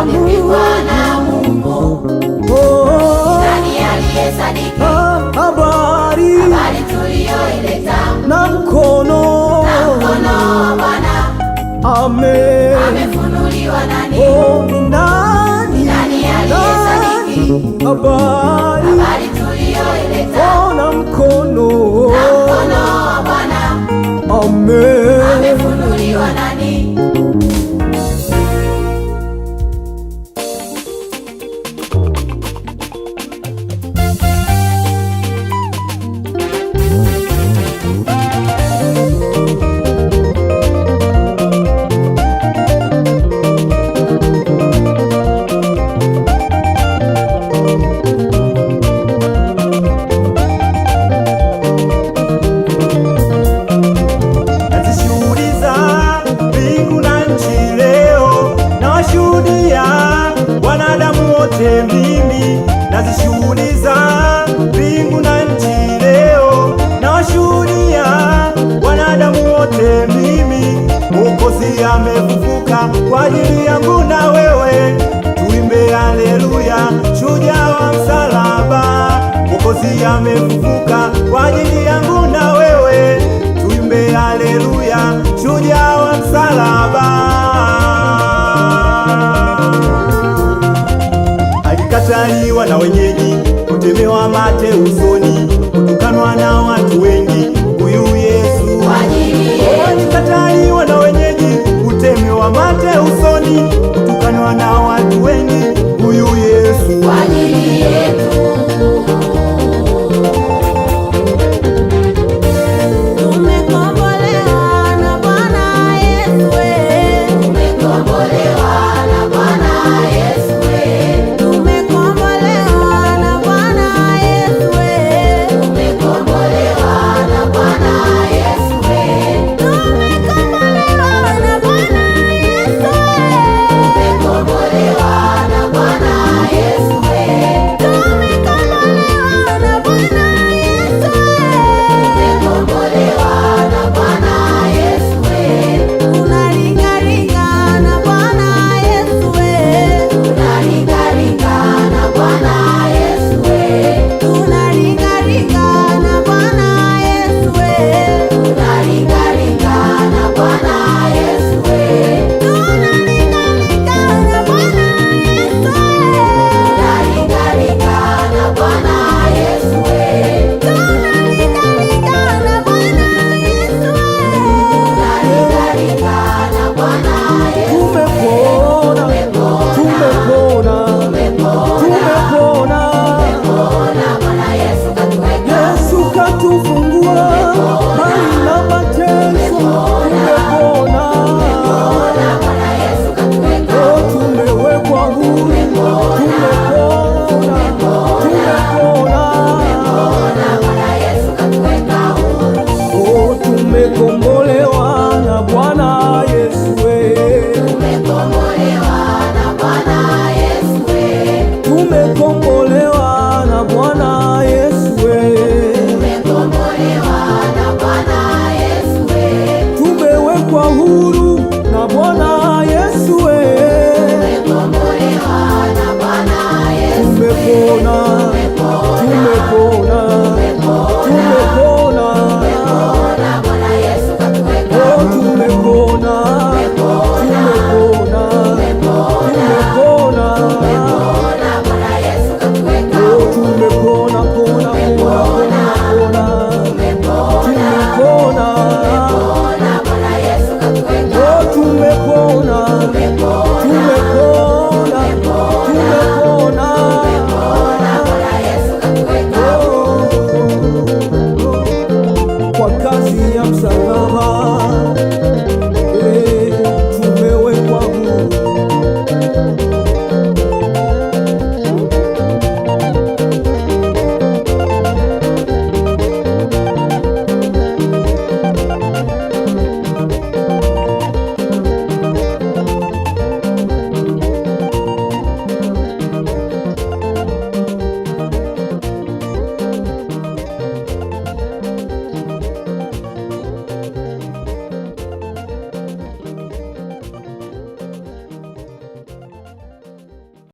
amepigwa na Mungu. Oh, oh. Nani aliyesadiki habari tuliyoileta? Na mkono Bwana amefunuliwa nani? Oh, ni nani aliyesadiki habari tuliyoileta? na wenyeji, kutemewa mate usoni, kutukanwa na watu wengi. Bwana Yesu.